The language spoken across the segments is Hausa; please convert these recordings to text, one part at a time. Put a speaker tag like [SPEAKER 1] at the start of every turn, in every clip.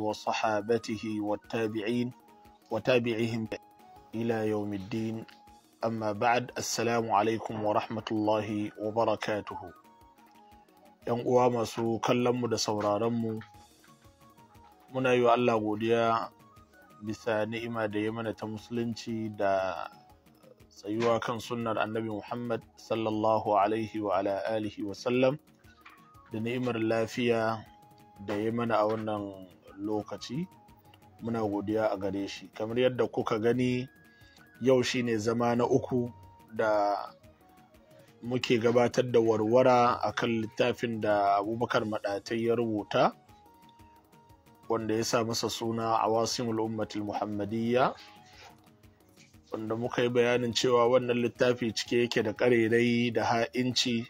[SPEAKER 1] وصحابته والتابعين وتابعهم إلى يوم الدين أما بعد السلام عليكم ورحمة الله وبركاته ‘yan uwa masu kallonmu da sauraronmu muna yi wa Allah godiya bisa ni'ima da ya mana ta musulunci da tsayuwa kan sunnar annabi Muhammad sallallahu alaihi wa ala alihi wa sallam da ni'imar lafiya da ya mana a wannan lokaci muna godiya a gare shi kamar yadda kuka gani yau shine zama na uku da muke gabatar da warwara a kan littafin da abubakar maɗatai ya rubuta wanda ya sa masa suna a wasimul ummatul muhammadiyya wanda muka yi bayanin cewa wannan littafi cike yake da ƙarerai da ha'inci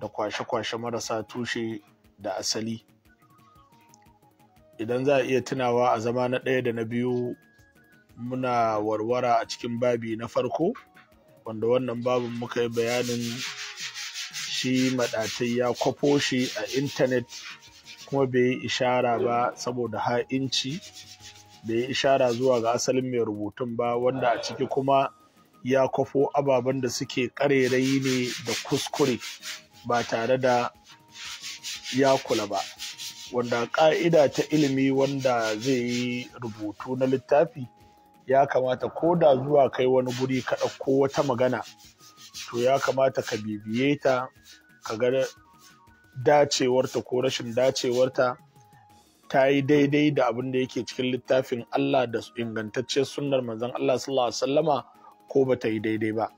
[SPEAKER 1] da kwashe-kwashe marasa tushe da asali idan za a iya tunawa a zama na ɗaya da na biyu muna warwara a cikin babi na farko wanda wannan babin muka yi bayanin shi maɗatai ya kwafo shi a intanet kuma bai yi ishara ba saboda ha'inci bai yi ishara zuwa ga asalin mai rubutun ba wanda a ciki kuma ya kwafo ababen da suke ƙarerayi ne da kuskure ba tare da ya kula ba wanda ƙa'ida ta ilimi wanda zai yi rubutu na littafi ya kamata ko da zuwa kai wani guri ka ɗauko wata magana to ya kamata ka bibiye ta ka ga dacewarta ko rashin dacewarta ta yi daidai da abin da yake cikin littafin Allah da ingantacciyar sunnar manzon Allah sallallahu alaihi wasallama ko ba ta yi daidai ba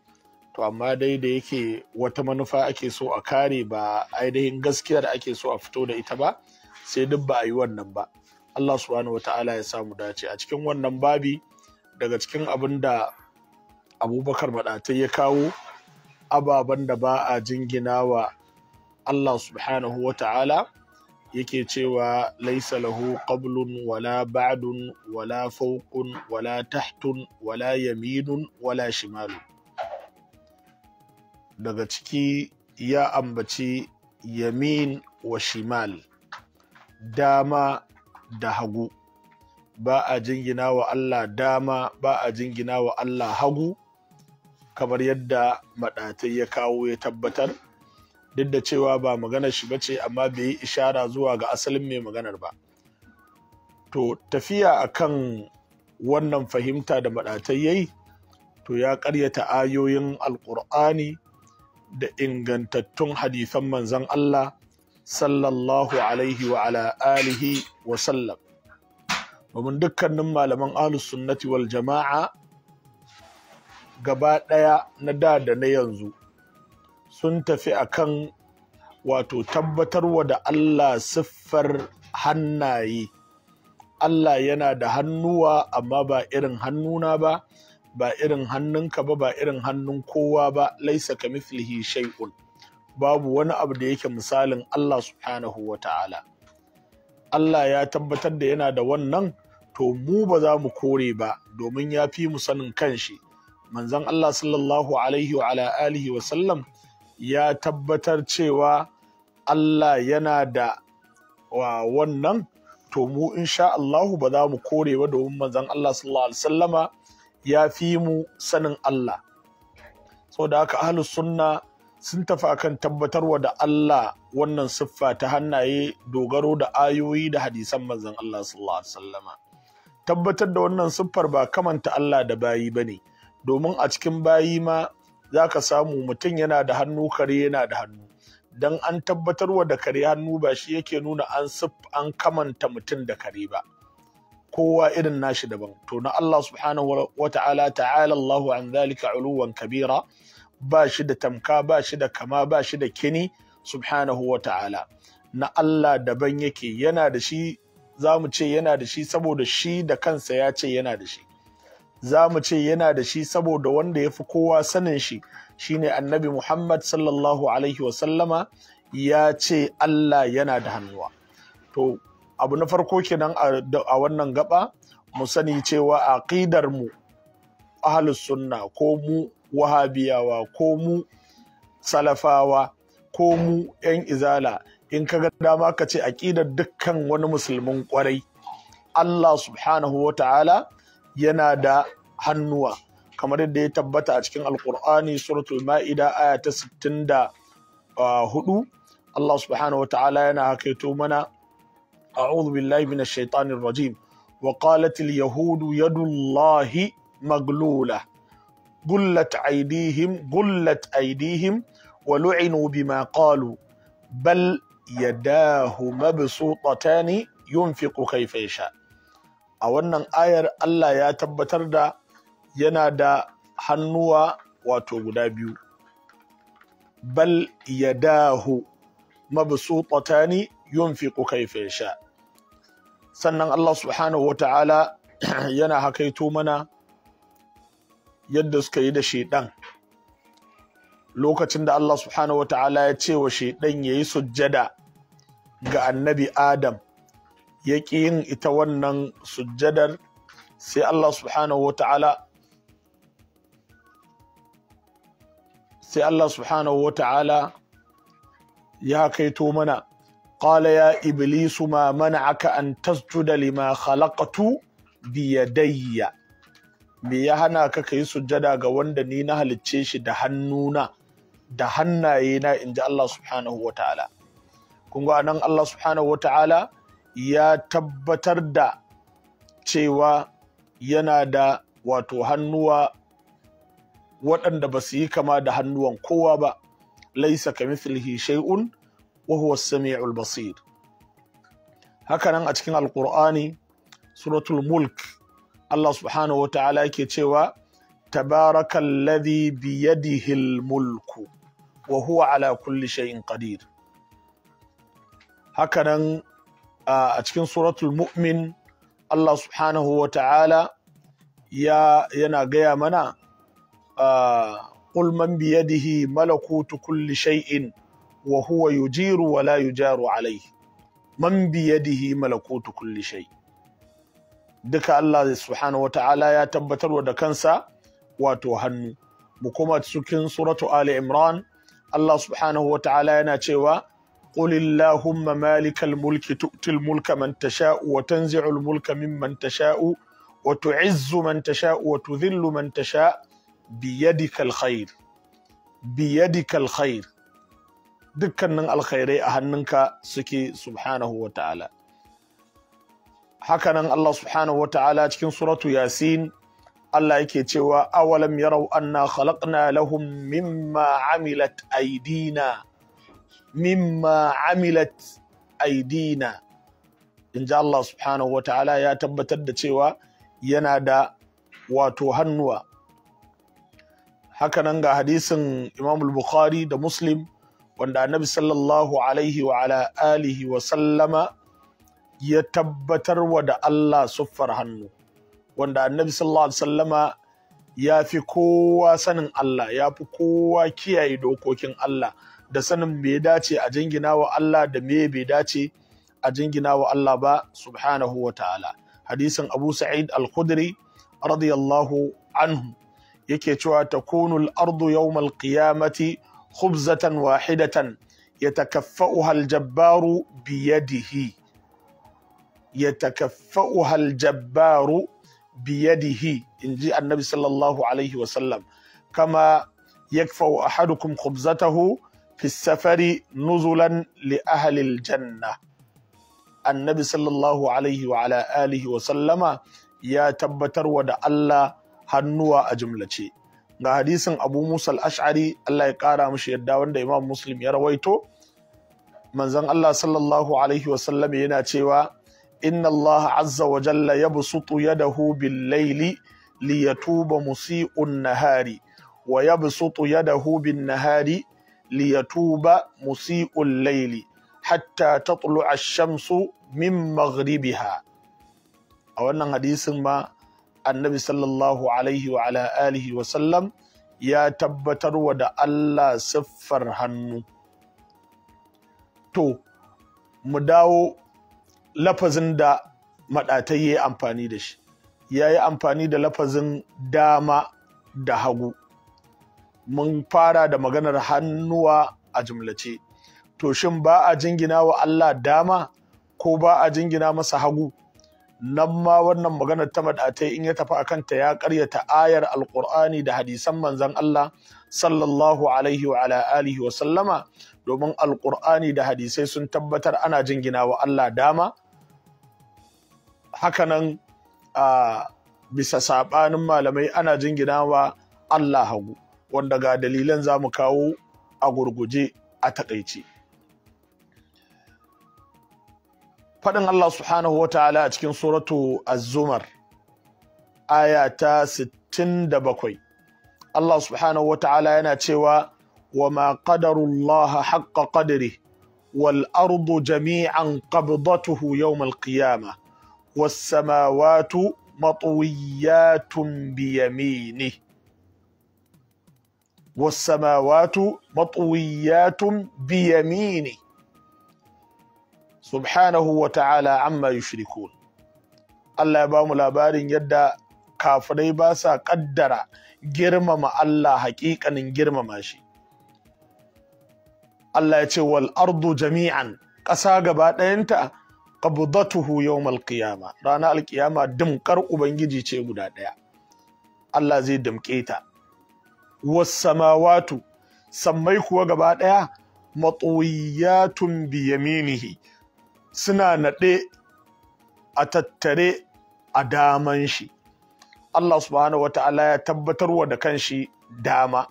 [SPEAKER 1] to amma dai da yake wata manufa ake so a kare ba ainihin gaskiyar ake so a fito da ita ba sai duk ba a yi wannan ba Allah subhanahu ta'ala ya samu dace a cikin wannan babi daga cikin abin da abubakar maɗatai ya kawo ababen da ba a jingina wa Allah subhanahu wata'ala yake cewa laisa lahu qablun wala ba'dun wala fawqun wala tahtun wala yaminun wala shimalun daga ciki ya ambaci yamin wa shimal dama da hagu ba a jingina wa Allah dama ba a jingina wa Allah hagu kamar yadda maɗatai ya kawo ya tabbatar duk da cewa ba maganar shi ba ce amma bai yi ishara zuwa ga asalin mai maganar ba to tafiya akan wannan fahimta da maɗatai ya yi to ya ƙaryata ayoyin alƙur'ani da ingantattun hadisan manzan Allah sallallahu alaihi wa ala alihi wa sallam domin dukkanin malaman alus sunnati wal jama'a gaba ɗaya na da da na yanzu sun tafi a kan wato tabbatarwa da Allah siffar hannaye Allah yana da hannuwa amma ba irin hannuna ba ba irin hannunka ba ba irin hannun kowa ba laisa ka mithlihi shay'un babu wani abu da yake misalin Allah subhanahu wa ta'ala Allah ya tabbatar da yana da wannan to mu ba za mu kore ba domin ya fi mu sanin kanshi manzon Allah sallallahu alaihi wa alihi wa sallam ya tabbatar cewa Allah yana da wa wannan to mu insha Allahu ba za mu kore ba domin manzon Allah sallallahu alaihi sallama ya fi mu sanin Allah saboda haka ahlus sunna sun tafi akan tabbatarwa da Allah wannan siffa ta hannaye dogaro da ayoyi da hadisan manzon Allah sallallahu alaihi wasallama tabbatar da wannan siffar ba kamanta Allah da bayi bane domin a cikin bayi ma zaka samu mutum yana da hannu kare yana da hannu dan an tabbatarwa da kare hannu ba shi yake nuna an an kamanta mutum da kare ba kowa irin nashi daban to na Allah subhanahu wa ta'ala ta'ala Allahu an zalika uluwan kabira ba shi da tamka ba shi da kama ba shi da kini subhanahu wa ta'ala na Allah daban yake yana da shi za mu ce yana da shi saboda shi da kansa ya ce yana da shi za mu ce yana da shi saboda wanda ya fi kowa sanin shi shine annabi Muhammad sallallahu alaihi wasallama ya ce Allah yana da hannuwa to abu na farko kenan a wannan gaba mu sani cewa aqidar mu ahlus sunna ko mu wahabiyawa ko mu salafawa ko mu 'yan izala in ka ga dama ka ce aƙidar dukkan wani musulmin kwarai. Allah subhanahu wa ta'ala yana da hannuwa kamar yadda ya tabbata a cikin alkur'ani suratul ma'ida aya ta 64 ah, Allah subhanahu wa ta'ala yana hakaito mana a'udhu billahi minash shaitanir rajim wa qalat al yahudu yadullahi maglula gullat aidihim gullat aidihim wa lu'inu bal yadahu mabsutatani yunfiqu kayfa yasha a wannan ayar Allah ya tabbatar da yana da hannuwa wato guda biyu bal yadahu mabsutatani yunfiqu kayfa yasha sannan Allah subhanahu wata'ala yana hakaito mana yadda suka yi da shaidan lokacin da Allah subhanahu wa ta'ala ya ce wa shaidan ya yi sujjada ga annabi Adam ya ƙi yin ita wannan sujjadar sai Allah subhanahu wa ta'ala sai Allah subhanahu wa ta'ala ya kaito mana قال يا إبليس ما منعك أن تسجد لما خلقت بيدي me ya hana ka ka yi sujjada ga wanda ni na halicce shi da hannuna da hannaye na in ji Allah subhanahu wa ta'ala kun ga nan Allah subhanahu wa ta'ala ya tabbatar da cewa yana da wato hannuwa waɗanda ba su yi kama da hannuwan kowa ba laisa ka mithlihi shaiun, wa huwa as-sami'ul basir hakanan a cikin alqur'ani suratul mulk Allah subhanahu wa ta'ala yake cewa tabarakalladhi biyadihil mulku wa huwa ala kulli shay'in qadir hakanan a cikin suratul mu'min Allah subhanahu wa ta'ala ya yana gaya mana qul man biyadihi malakutu kulli shay'in wahuwa huwa yujiru wala la yujaru alayhi man biyadihi malakutu kulli shai. duka Allah subhanahu wa ta'ala ya tabbatarwa da kansa wato hannu mu sukin suratu Ali Imran Allah subhanahu wa ta'ala yana cewa qulillahumma malikal mulki tu'til mulka man tasha'u wa tanzi'ul mulka mimman tasha'u wa tu'izzu man tasha'u wa tudhillu man tasha' khair biyadikal dukkanin alkhairai a hannunka suke subhanahu wa ta'ala hakanan Allah subhanahu wa ta'ala cikin suratu yasin Allah yake cewa awalam yarau anna khalaqna lahum mimma amilat aidina mimma amilat aidina inji Allah subhanahu wa ta'ala ya tabbatar da cewa yana da wato hannuwa hakanan ga hadisin Imam bukhari da Muslim wanda Annabi sallallahu alaihi wa ala alihi wa sallama ya tabbatar wa da Allah suffar hannu wanda annabi sallallahu alaihi wasallama ya fi kowa sanin Allah ya fi kowa kiyaye dokokin Allah da sanin me ya dace a jingina wa Allah da me bai dace a jingina wa Allah ba subhanahu wa ta'ala hadisin Abu Sa'id al-Khudri radiyallahu anhu yake cewa takunu al-ardu yawm al-qiyamati khubzatan wahidatan yatakaffahu al-jabbaru biyadihi yatakaffa'uha aljabbaru biyadihi inji annabi sallallahu kama yakfa'u ahadukum khubzatahu fi safari nuzulan li ahli aljanna annabi sallallahu ya tabbatar wa da Allah hannuwa a jumlace ga hadisin Abu Musa al-Ash'ari Allah ya kara mishi yadda wanda Imam Muslim ya rawaito manzon Allah sallallahu yana cewa inna Allah azza wa jalla yabsutu yadahu bil layli liyatuba musii'un nahari wa ya yabsutu yadahu bin nahari liyatuba musii'ul layli hatta ta ash-shamsu min maghribiha a wannan hadisin ma annabi sallallahu alaihi wa sallam ya tabbatar wa da Allah siffar hannu to mu dawo lafazin da maɗatai ya yi amfani da shi ya yi amfani da lafazin dama da hagu mun fara da maganar hannuwa a jimlace. to shin ba a jingina wa Allah dama ko ba a jingina masa hagu nan ma wannan maganar ta maɗatai in ya tafi a kanta ya karyata ayar alƙur'ani da hadisan manzan Allah sallallahu alaihi wa ala alihi wa sallama domin alƙur'ani da hadisai sun tabbatar ana jingina wa Allah dama hakanan a bisa saɓanin malamai ana jingina wa Allah hagu wanda ga dalilan za mu kawo a gurguje a taƙaice. Faɗin Allah subhanahu wa ta'ala a cikin suratu Az-Zumar aya ta 67 Allah subhanahu wa ta'ala yana cewa wa ma qadarullaha haqqa qadri wal ardu jami'an qabdatuhu yawm والسماوات مطويات بيمينه والسماوات مطويات بيمينه سبحانه وتعالى عما يشركون الله يبام لا بارين كافري باسا قدر جرمم الله حقيقا جرمم ماشي الله يتوى الأرض جميعا قساق بات انت qabdatuhu yawmal qiyama ranar alkiyama dimkar ubangiji ce guda ɗaya Allah zai dimke ta was samawatu sammai kuwa gaba ɗaya matsoyatun biyaminihi suna naɗe a tattare a daman shi Allah subhanahu wa ta'ala ya tabbatarwa da kanshi dama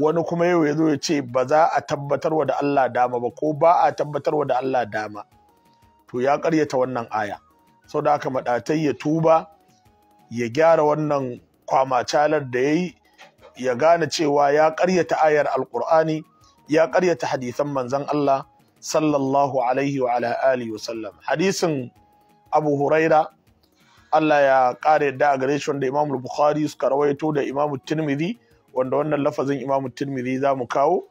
[SPEAKER 1] wani kuma yau ya zo ya ce ba za a tabbatarwa da Allah dama ba ko ba a tabbatarwa da Allah dama to ya karyata wannan aya sau da aka maɗatai ya tuba ya gyara wannan kwamacalar da ya yi ya gane cewa ya karyata ayar alkur'ani ya karyata hadisan manzan Allah sallallahu alaihi wa alihi wa sallam hadisin Abu Huraira Allah ya kare da a gare shi wanda Imam Bukhari suka rawaito da Imam Tirmidhi wanda wannan lafazin Imam Tirmidhi za mu kawo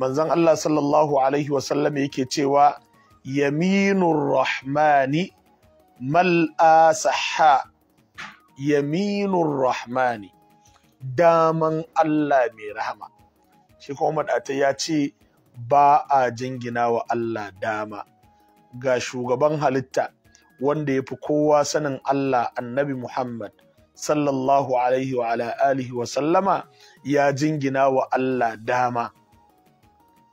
[SPEAKER 1] Manzan Allah sallallahu alaihi wa sallam yake cewa yaminur rahmani mal'a saha yaminur rahmani daman Allah mai rahama shi kuma madata ya ce ba a jingina wa Allah dama ga shugaban halitta wanda ya fi kowa sanin Allah annabi Muhammad sallallahu alaihi wa ala alihi wa sallama ya jingina wa Allah dama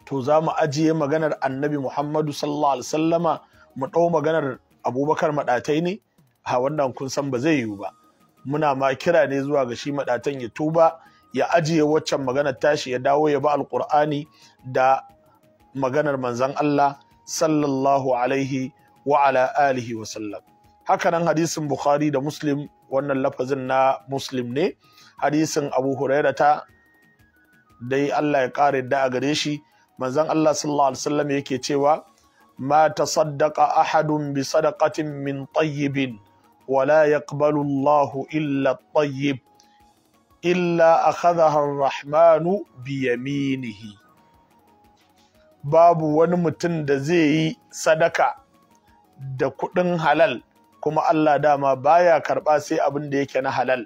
[SPEAKER 1] to za mu ajiye maganar annabi Muhammadu sallallahu alaihi wasallama mu ɗau maganar abubakar maɗatai ne ha wannan kun san ba zai yiwu ba muna ma kira ne zuwa ga shi maɗatan ya tuba ya ajiye waccan maganar tashi ya dawo ya ba alƙur'ani da maganar manzan Allah sallallahu alaihi wa ala alihi wa sallam hakanan hadisin bukhari da muslim wannan lafazin na muslim ne hadisin abu hurairata dai Allah ya kare da a gare shi manzon Allah sallallahu alaihi wasallam yake cewa ma tasaddaqa ahadun bi sadaqatin min tayyibin ولا illa الله Illa الطيب إلا rahmanu bi yaminihi babu wani mutum da zai yi sadaka da kuɗin halal kuma Allah dama baya karɓa sai abin da yake na halal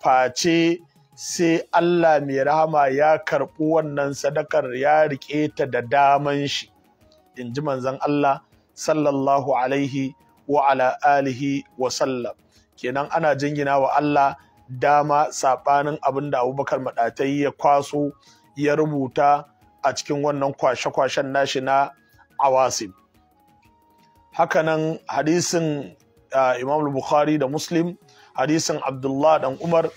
[SPEAKER 1] face sai Allah mai rahama ya karɓi wannan sadakar ya riƙe ta da daman shi in ji manzon Allah sallallahu alaihi wa ala wa sallam kenan ana jingina wa Allah dama saɓanin abin da abubakar maɗatai ya kwaso ya rubuta a cikin wannan kwashe-kwashen nashi na awasim hakanan hadisin ah, imam bukhari da muslim hadisin abdullah dan umar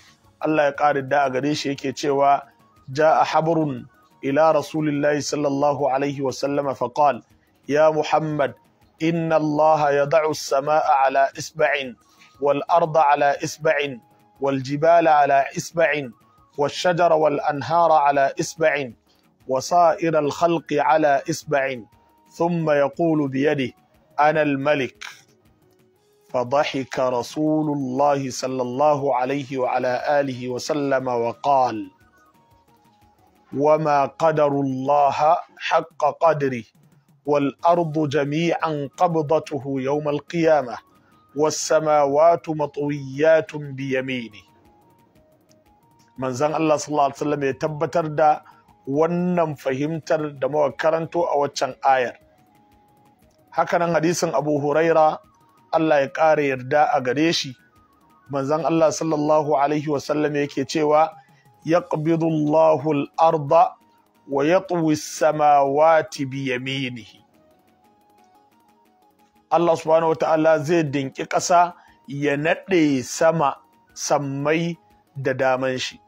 [SPEAKER 1] الله يقارد دا أغريش يكيشيوا جاء حبر إلى رسول الله صلى الله عليه وسلم فقال يا محمد إن الله يضع السماء على إسبع والأرض على إسبع والجبال على إسبع والشجر والأنهار على إسبع وصائر الخلق على إسبع ثم يقول بيده أنا الملك فضحك رسول الله صلى الله عليه وعلى آله وسلم وقال وما قدر الله حق قدره والأرض جميعا قبضته يوم القيامة والسماوات مطويات بيمينه من زن الله صلى الله عليه وسلم يتبتر دا wannan fahimtar da muka karanto a waccan ayar hakanan hadisin abu huraira Allah ya ƙara yarda a gare shi manzon Allah sallallahu alaihi wasallam yake cewa yaqbidu Allahu al-arda wa yatwi as-samawati bi yaminihi Allah subhanahu wata'ala zai dinki ƙasa ya naɗe sama sammai da daman shi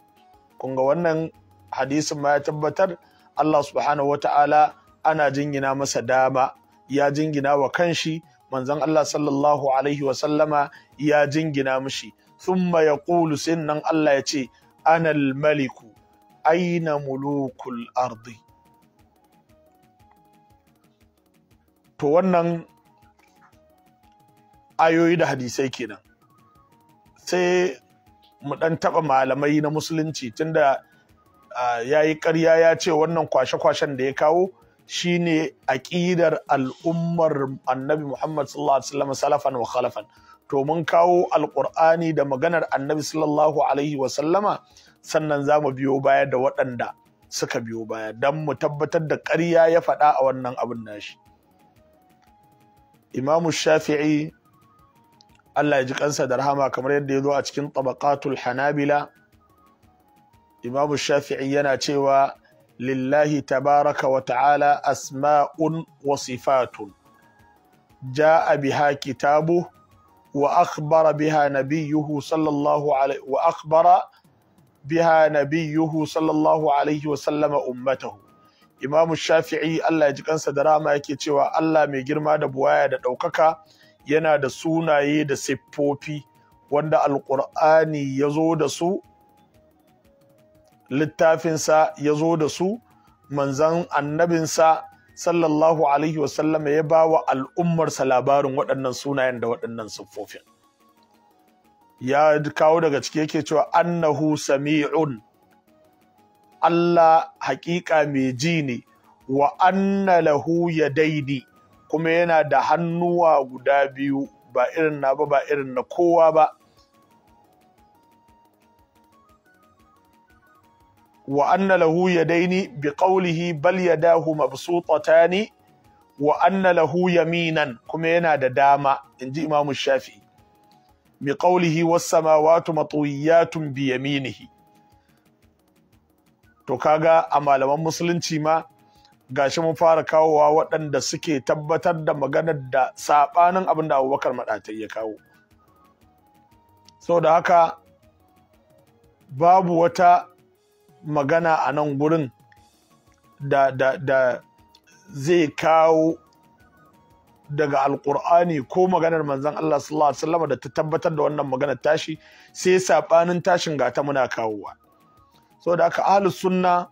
[SPEAKER 1] kunga wannan hadisin ma ya tabbatar Allah subhanahu wata'ala ana jingina masa dama ya jingina wa kanshi manzon Allah sallallahu alaihi wa sallama ya jingina mishi thumma yaqulu sinnan Allah yace ce anal maliku aina mulukul ardi to wannan ayoyi da hadisai kenan sai mu dan taba malamai na musulunci tunda ah, ya yi ƙarya ya ce wannan kwashe-kwashen da ya kawo shine aƙidar al'ummar annabi Muhammad sallallahu alaihi wasallam salafan wa khalafan to mun kawo alƙur'ani da maganar annabi sallallahu alaihi wasallama sannan za mu biyo baya da waɗanda suka biyo baya don mu tabbatar da ƙarya ya faɗa a wannan abin nashi imamu shafi'i Allah ya ji kansa da rahama kamar yadda ya zo a cikin tabaqatul hanabila imamu shafi'i yana cewa lillahi tabaraka wa ta'ala asma'un wa sifatun ja'a biha kitabu wa akhbara biha nabiyyuhu sallallahu alaihi wa ummatahu Imam Shafi'i Allah ya ji kansa da rama yake cewa Allah mai girma da buwaya da ɗaukaka yana da sunaye da siffofi wanda alƙur'ani ya zo da su littafinsa ya zo da su manzan annabinsa sallallahu alaihi wasallama ya ba wa al'ummarsa labarin waɗannan sunayen da waɗannan siffofin ya kawo daga ciki yake cewa annahu sami'un Allah haƙiƙa mai ji ne wa anna lahu daidi kuma yana da hannuwa guda biyu ba irin na ba ba irin na kowa ba wa anna lahu daini bi qawlihi bal yadahu mabsutatani wa anna lahu yaminan kuma yana da dama inji Imam Shafi'i bi qawlihi was samawati matwiyatun bi yaminihi to kaga a malaman musulunci ma gashi mun fara kawowa waɗanda suke tabbatar da maganar da saɓanin abin da abubakar maɗatai ya kawo sau da haka babu wata magana a nan gurin da, da, da zai kawo daga alkur'ani ko maganar manzan Allah sallallahu alaihi wasallam da ta tabbatar da wannan maganar tashi sai saɓanin tashin gata muna kawowa saboda aka ahlus sunna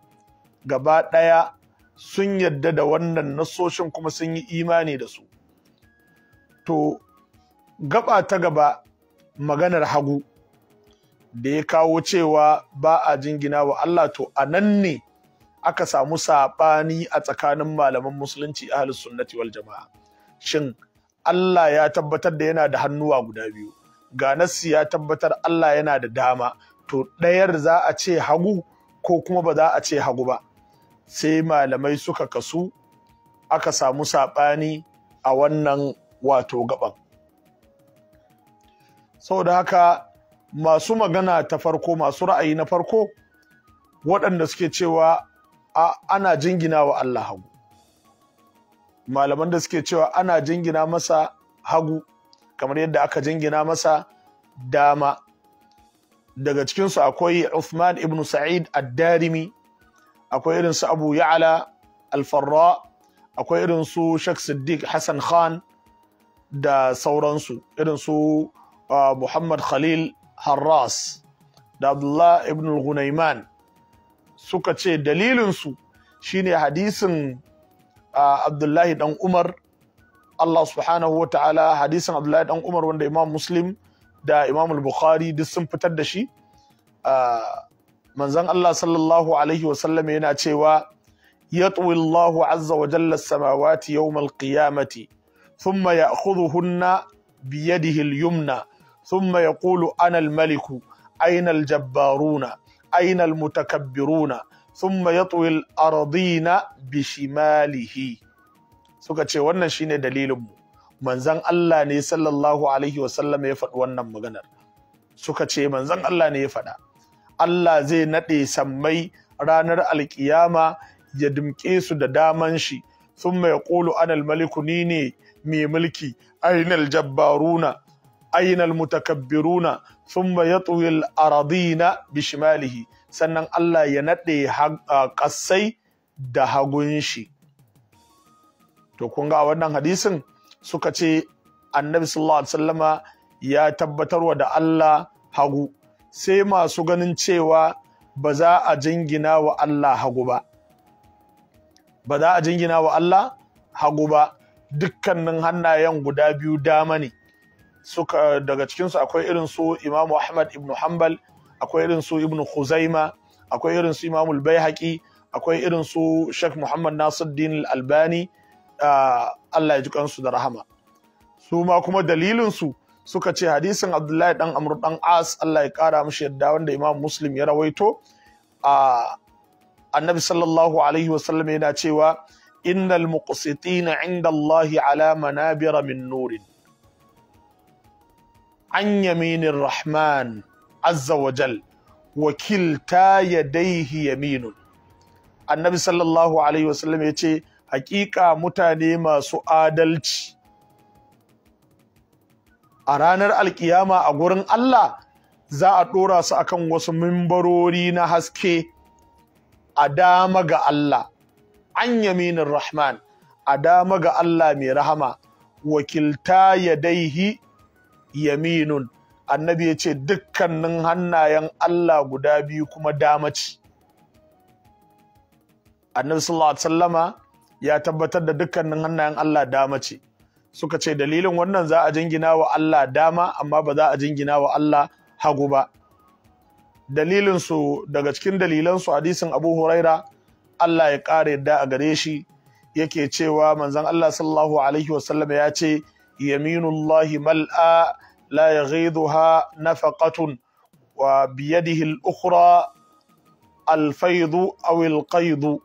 [SPEAKER 1] gaba ɗaya, sun yadda da wannan nasoshin kuma sun yi imani da su to gaba ta gaba maganar hagu da ya kawo cewa ba a jingina wa Allah to a nan ne aka samu saɓani a tsakanin malaman musulunci a sunnati wal jama'a shin Allah ya tabbatar da yana da hannuwa guda biyu ga nassi ya tabbatar Allah yana da dama to ɗayar za a ce hagu ko kuma ba za a ce hagu ba sai malamai suka kasu aka samu saɓani a wannan wato gaban saboda haka masu magana ta farko masu ra'ayi na farko waɗanda suke cewa ana jingina wa Allah hagu malaman da suke cewa ana jingina masa hagu kamar yadda aka jingina masa dama daga cikinsu akwai Uthman ibn Sa'id ad-Darimi akwai irinsu su Abu Ya'la al-Farra akwai irinsu su Sheikh Siddiq Hassan Khan da sauransu irinsu su ah, Muhammad Khalil Harras da Abdullah ibn al suka ce dalilinsu shine hadisin Abdullahi dan Umar Allah subhanahu wa ta'ala hadisin Abdullahi dan Umar wanda Imam Muslim da Imam Bukhari duk sun fitar da shi manzon Allah sallallahu alaihi wa sallam yana cewa yatwi Allahu azza wa jalla samawati yawm al-qiyamati thumma ya'khudhuhunna biyadihi al-yumna ثم يقول أنا الملك أين الجبارون أين المتكبرون ثم يطوي الأرضين bishimalihi. suka ce wannan shine dalilinmu manzan Allah ne sallallahu alaihi wasallam ya faɗi wannan maganar suka ce manzan Allah ne ya faɗa Allah zai naɗe sammai ranar alkiyama ya dimƙe su da daman shi sun mai ƙulu anal maliku ni ne mai mulki ainal jabbaruna aina almutakabbiruna thumma yatwi al-aradina bishimalihi sannan Allah ya nade kasai da hagun shi to kun ga wannan hadisin suka ce annabi sallallahu alaihi wasallama ya tabbatarwa da Allah hagu sai masu ganin cewa ba za a jingina wa a jingina wa Allah hagu ba dukkanin hannayen guda biyu dama ne suka daga cikinsu akwai irin su imamu ahmad ibn hanbal akwai irin su ibn khuzaima akwai irin su imamul baihaqi akwai irin su sheikh muhammad nasiruddin albani ah, allah ya ji kansu da rahama su ma kuma dalilin su suka ce hadisin abdullahi dan amr dan as allah ya kara mishi yadda wanda imam muslim ya rawaito a ah, annabi sallallahu alaihi wasallam yana cewa innal muqsitina inda Allah ala manabira min nurin an yaminin rahman azza wa jal wakilta yadaihi yaminun annabi sallallahu alaihi wasallam ya ce hakika mutane masu adalci a ranar alkiyama a gurin Allah za a ɗora su akan wasu mimbarori na haske a dama ga Allah an yaminin rahman a dama ga Allah mai rahama wakilta yadaihi yaminun annabi ya ce dukkanin hannayen Allah guda biyu kuma dama annabi sallallahu alaihi wasallama ya tabbatar da dukkanin hannayen Allah dama ce suka ce dalilin wannan za a jingina wa Allah dama amma ba za a jingina wa Allah hagu ba dalilin daga cikin dalilan hadisin Abu Huraira Allah ya kare da a gare shi yake cewa manzon Allah sallallahu alaihi wasallama ya ce يمين الله ملأى لا يغيضها نفقة وبيده الأخرى الفيض أو القيض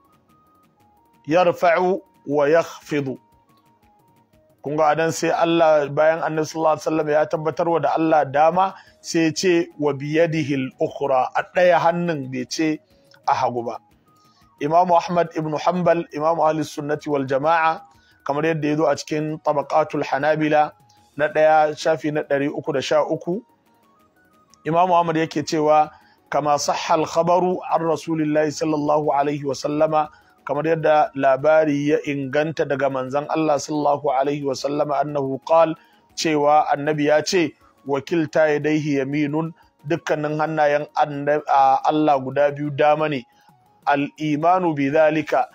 [SPEAKER 1] يرفع ويخفض kunga adan sai Allah bayan annabi sallallahu alaihi wasallam ya tabbatar wa da Allah dama sai ya ce wa biyadihi al-ukhra a ɗaya hannun bai ce a hagu ba Imam Ahmad ibn Hanbal Imam Ahlus Sunnati wal Jama'a kamar yadda ya zo a cikin tabaqatul hanabila na ɗaya shafi na ɗari uku da sha uku imamu ahmad yake cewa kama sahal khabaru an rasulillahi sallallahu alaihi wa sallama kamar yadda labari ya inganta daga manzan Allah sallallahu alaihi wa sallama annahu qal cewa annabi ya ce wakilta yadaihi yaminun dukkanin hannayen Allah guda biyu dama ne al-imanu bi zalika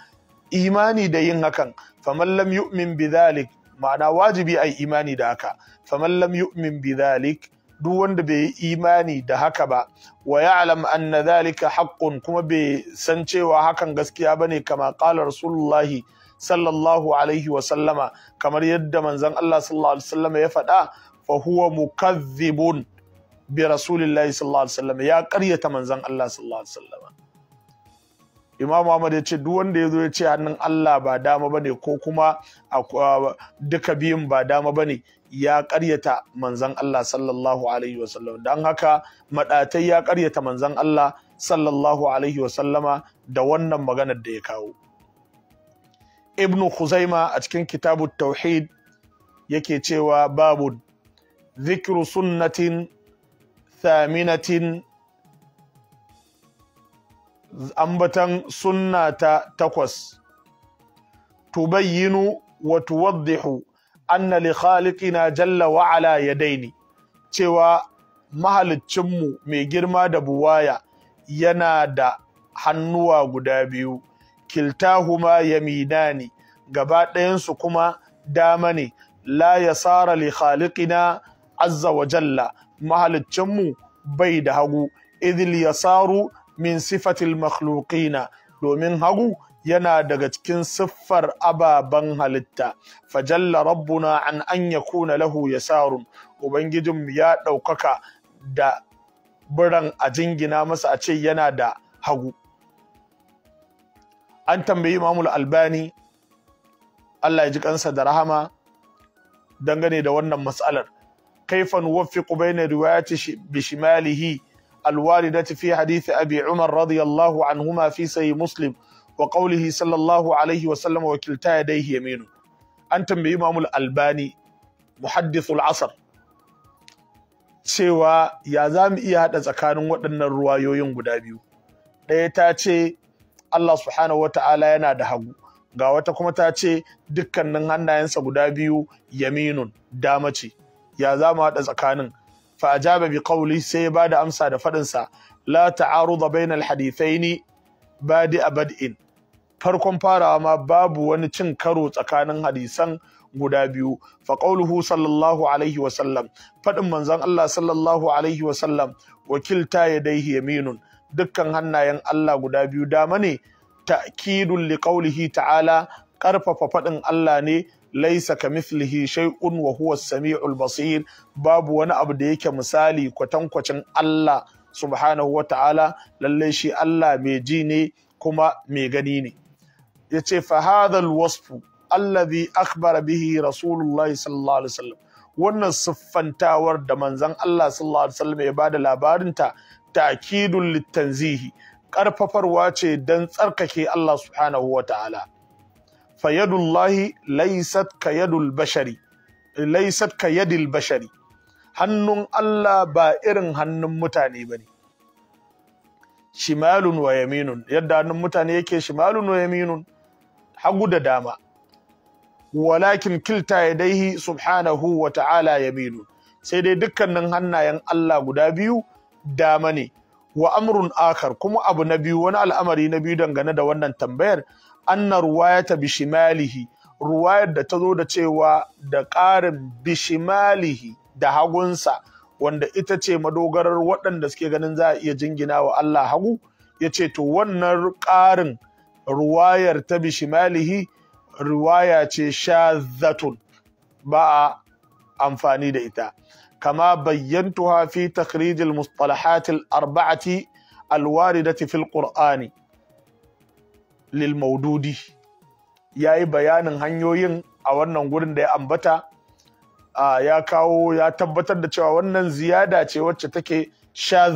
[SPEAKER 1] imani da yin hakan faman lam yu'min bidhalik ma'ana wajibi ai imani da haka faman lam yu'min bidhalik duk wanda bai yi imani da haka ba wa ya'lam anna dhalika haqqun kuma bai san cewa hakan gaskiya bane kama qala rasulullahi sallallahu alaihi wa sallama kamar yadda manzon Allah sallallahu alaihi wa sallama ya faɗa fa huwa mukazzibun bi rasulillahi sallallahu alaihi wa sallama ya ƙaryata manzon Allah sallallahu alaihi wa sallama imam Muhammad ya ce duk wanda ya zo ya ce hannun Allah ba dama bane ko kuma duka biyun ba dama bane ya ƙaryata manzan Allah sallallahu alaihi wasallam don haka maɗatai ya karyata manzan Allah sallallahu alaihi wasallama da wannan maganar da ya kawo Ibn Khuzaima a cikin kitabu tauhid yake cewa babu zikru sunnatin thaminatin ambatan sunna ta takwas tubayyinu wa tuwaddihu anna li khaliqina jalla wa ala yadaini cewa mahaliccinmu mai girma da buwaya yana da hannuwa guda biyu kiltahuma yamidani gaba ɗayansu kuma dama ne la yasara li khaliqina azza wa jalla mahaliccinmu bai da hagu idil yasaru min sifatil makhluqina domin hagu yana daga cikin siffar ababen halitta fajalla rabbuna an an yakuna lahu yasarun ubangijin ya ɗaukaka da biran a jingina masa a ce yana da hagu an tambayi imamul albani Allah ya ji kansa da rahama dangane da wannan matsalar kaifan wafi bayna riwayati bishimalihi الواردة في حديث أبي عمر رضي الله عنهما في سي مسلم وقوله صلى الله عليه وسلم وكلتا يديه يمين أن تنبي الألباني محدث العصر cewa ya za mu iya haɗa tsakanin waɗannan ruwayoyin guda biyu ɗaya ta ce Allah subhanahu yana da hagu ga wata kuma ta ce dukkanin hannayensa guda biyu yaminun dama ce ya za mu haɗa tsakanin fa ajaba bi qawli sai ba da amsa da fadin sa la ta'aruda bainal hadithaini badi abad'in farkon farawa ma babu wani cin karo tsakanin hadisan guda biyu fa qauluhu sallallahu alaihi wa sallam fadin manzon Allah sallallahu alaihi wa sallam wakilta yadayhi yaminun dukkan hannayen Allah guda biyu dama ne ta'kidun li qaulihi ta'ala karfafa fadin Allah ne laisa kamithlihi shay'un wa huwa as-sami'ul basir babu wani abu da yake misali kwatankwacin Allah subhanahu ta'ala), lalle shi Allah mai ji ne kuma mai gani ne yace fa hadha al-wasf alladhi akhbara bihi rasulullahi sallallahu alaihi wasallam wannan siffantawar da manzon Allah sallallahu alaihi wasallam ya bada labarinta ta'kidul litanzihi karfafarwa ce dan tsarkake Allah subhanahu ta'ala). fayadullahi laysat ka yadul bashari laysat ka yadil bashari hannun Allah ba irin hannun mutane bane shimalun wa yaminun yadda hannun mutane yake shimalun wa yaminu hagu da dama walakin kilta yadaihi subhanahu wa ta'ala yaminun sai dai dukkanin hannayen Allah guda biyu dama ne wa amrun akar kuma abu na biyu wani al'amari na biyu dangane da wannan tambayar anna ruwayata bishimalihi ruwayar da ta zo da cewa da ƙarin bishimalihi da hagunsa wanda ita ce madogarar waɗanda suke ganin za a iya jingina wa Allah hagu ya ce to wannan ƙarin ruwayar ta bishimalihi ruwaya ce shazatun ba a amfani da ita kama bayyantuha fi takrijil mustalahatil arba'ati alwaridati fil qur'ani lil maududi ya yi bayanin hanyoyin a wannan gurin da ya ambata ya kawo ya tabbatar da cewa wannan ziyada ce wacce take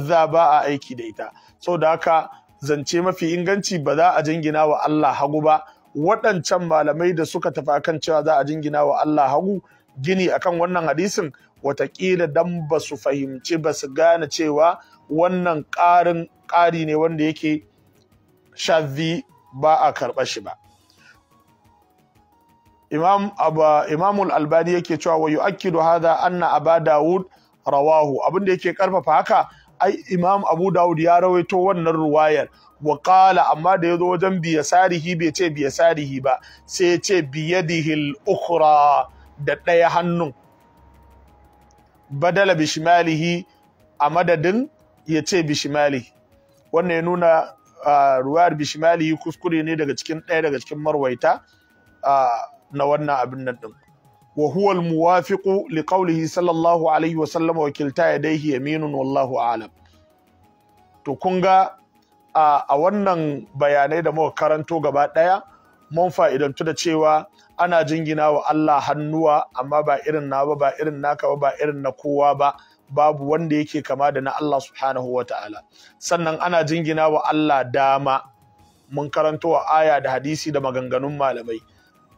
[SPEAKER 1] za ba a aiki da ita da haka zance mafi inganci ba za a jingina wa Allah hagu ba waɗancan malamai da suka tafi kan cewa za a jingina wa Allah hagu gini akan wannan hadisin watakila dan ba su fahimci ba su gane cewa wannan ƙarin ƙari ne wanda yake shazzi ba a karɓa shi ba imam imamul albani yake cewa wa yu'akkidu hadha anna aba Dawud, rawahu abinda yake karfafa haka ai imam abu Dawud ya rawaito wannan ruwayar wa qala amma da yazo wajen biyasarihi bai ce biyasarihi ba sai ya ce biyadihi al-ukhra da ɗaya hannun badala bishimalihi a madadin ya ce bishimalihi wannan ya nuna ruwar bishimali kuskure ne daga cikin ɗaya daga cikin marwaita na wannan abin nan ɗin. wa huwa almuwafiqu liqawlihi sallallahu alaihi wa sallam wa kilta yadayhi yaminun wallahu a'lam to kun ga a wannan bayanai da muka karanto gaba ɗaya mun fa'idantu da cewa ana jingina wa Allah hannuwa amma ba irin na ba ba irin naka ba ba irin na kowa ba babu wanda yake kama da na Allah subhanahu wa ta'ala sannan ana jingina wa Allah dama mun karanto wa aya da hadisi da maganganun malamai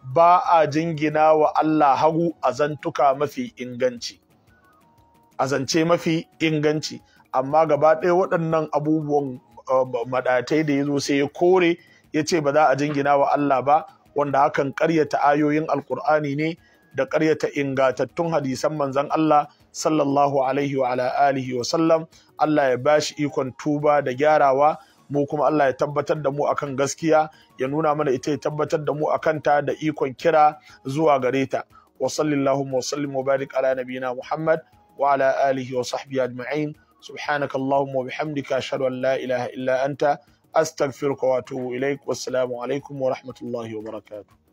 [SPEAKER 1] ba a jingina wa Allah hagu a zantuka mafi inganci a zance mafi inganci amma gaba ɗaya waɗannan abubuwan um, madatai da ya zo sai ya kore ya ce ba za a jingina wa Allah ba wanda hakan ƙaryata ayoyin alkur'ani ne da karyata ingantattun hadisan manzon Allah sallallahu alaihi wa ala alihi wa sallam Allah ya bashi ikon tuba da gyarawa mu kuma Allah ya tabbatar da mu akan gaskiya ya nuna mana ita ya tabbatar da mu akan ta da ikon kira zuwa gare ta wa sallallahu wa sallim wa barik ala nabiyina Muhammad wa ala alihi wa sahbihi ajma'in subhanakallahumma wa bihamdika ashhadu an la ilaha illa anta astaghfiruka wa atubu ilaik wassalamu alaikum wa rahmatullahi wa